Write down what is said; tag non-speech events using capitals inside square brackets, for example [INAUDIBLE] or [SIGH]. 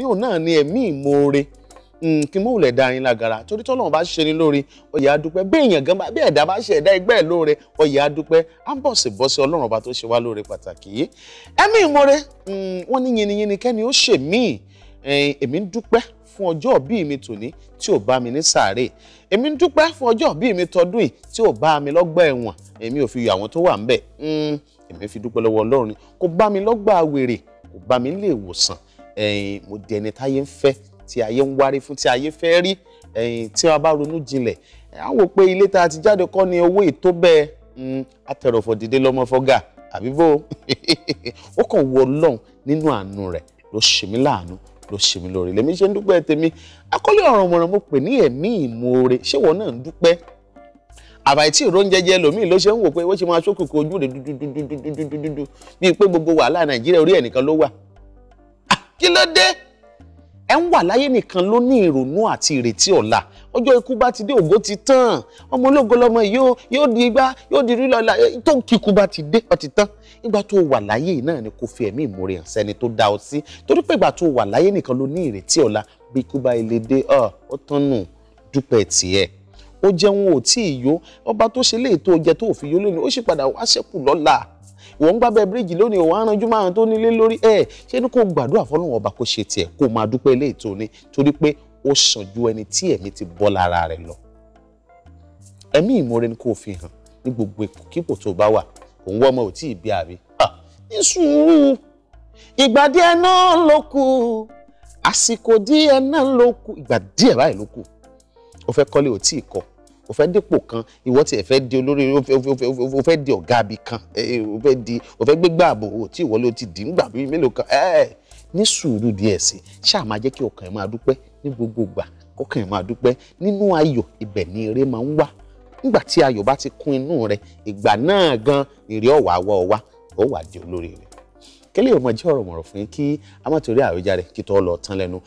yóò náà ni ẹ̀mí ìmoore mm, kí n mọ̀ wùlẹ̀ da yín lágara torí tọ́lọ́run bá ṣe ni lóore ọ̀yà àdúpẹ́ bí èèyàn gan bí ẹ̀dá bá ṣe ẹ̀dá ẹgbẹ́ ẹ̀ lóore ọ̀yà àdúpẹ́ á ń bọ̀ sí bọ́ sí ọlọ́run ọba tó ṣe wá lóore pàtàkì yìí ẹ̀mí ìmoore mm, wọ́n ní yinyinyin kẹ́ni ó ṣe míì èmi ń dúpẹ́ fún ọjọ́ bí mi tòní tí ò bá mi ní sàárè èmi ń dúpẹ́ fún ọjọ́ bí mi tọdún yìí tí ò bá mi lọ́gbà ẹ̀wọ̀n èmi ò fi yọ àwọn tó wà ń bẹ̀ mm, èmi fi dúpẹ́ lọ́wọ́ ọlọ́run kò bá mi lọ́gbà wèrè kò bá mi nílé ìwòsàn ẹ̀yìn mo di ẹni táyé ń fẹ́ tí ayé ń wárí fún tí ayé fẹ́ rí ẹ̀yìn tí wọ́n bá ronú jinlẹ̀ á wò pé ilé tá a ti jáde kọ́ ni owó ètò bẹ́ẹ̀ hmm, atẹ̀rọ̀fọ̀ dìde lọ́mọ fọ́gà àbí bó [LAUGHS] ó kàn wọ ọlọ́run nínú àánú rẹ̀ ló ṣe mí láàánú ló ṣe mí lóore lèmi ṣe ń dúpẹ́ tèmi akọ́lé ọ̀rọ̀ mọ̀ràn mo pè ní ẹ̀mí ìmoore ṣé wọn náà ń dúpẹ́ àbàìtí ìróúnjẹjẹ lòmíì ló ṣe ń wò pé ó ṣe máa ṣókùnkùn ojú rẹ̀ dúdúdúdúdúdúdú bíi pé gbogbo wàhálà nàìjíríà orí ẹnìkan ló wà kí ló dé ẹ ń wà láyé nìkan ló ní ìrònú àti ìrètí ọ̀la ọjọ́ ikú bá ti dé ògo ti tán ọmọ ológo lọmọ yóò yóò di igbá yóò di rírọ ọ̀la tó ń kíkú bá ti dé ó ti tán ìgbà tó wà láyé náà ni kò fi ẹ̀mí ìmoore hàn sẹ́ni tó dá ọ sí torí pé ìgbà tó wà láyé nìkan ló ní ìrètí ọ̀la bí ikú bá ilé dé ọ ó tán nù dúpẹ́ tiẹ̀ ó jẹun ò tí ì yó ọba tó ṣe léètò jẹ tó òfin yó lónìí ó sì padà wá ṣẹ́kù lọ́la wọ́n ń gbábẹ́ bíríìjì lónìí òun aránjú márùn tó nílé lórí ẹ̀ ṣé ní kò gbàdúrà fọlọ́run ọba kó ṣe tiẹ̀ kó máa dúpẹ́ ilé ètò ni torí pé ó sàn ju ẹni tí ẹ̀mí ti bọ́ lára rẹ̀ lọ. ẹ̀mí ìmoore ni kò fi hàn ní gbogbo kíkò tó bá wà òun wọ́n ọmọ ò tí ì bí àbí. ní sùúrù ìgbà díẹ̀ náà ló kù àsìkò díẹ̀ náà ló kù ìgbà díẹ̀ báyìí ló kù ó fẹ́ kọ́lé ò tí ì kọ́ o fẹ́ dípò kan ìwọ tiẹ̀ fẹ́ di olórí o fẹ́ di ọ̀gá abì kan o fẹ́ di o fẹ́ gbégbá ààbò o tí ìwọ ló ti dì ń gbà bí mélòó kan ní sùúrù díẹ̀ sí ṣáà máa jẹ́ kí ọkàn ẹ̀ máa dúpẹ́ ní gbogbo ìgbà kọ́kàn ẹ̀ máa dúpẹ́ nínú ayọ̀ ibẹ̀ ni eré máa ń wà nígbà tí ayọ̀ bá ti kún inú rẹ ìgbà náà gan èrè ọ̀wà wá ọ wá ó wà di olórí rẹ kẹ́lẹ́ ìwọ̀n jẹ́ ọ̀rọ̀ mọ̀rọ̀ fún yín kí a má torí àwíjàre kí tó lọ tán lẹ́nu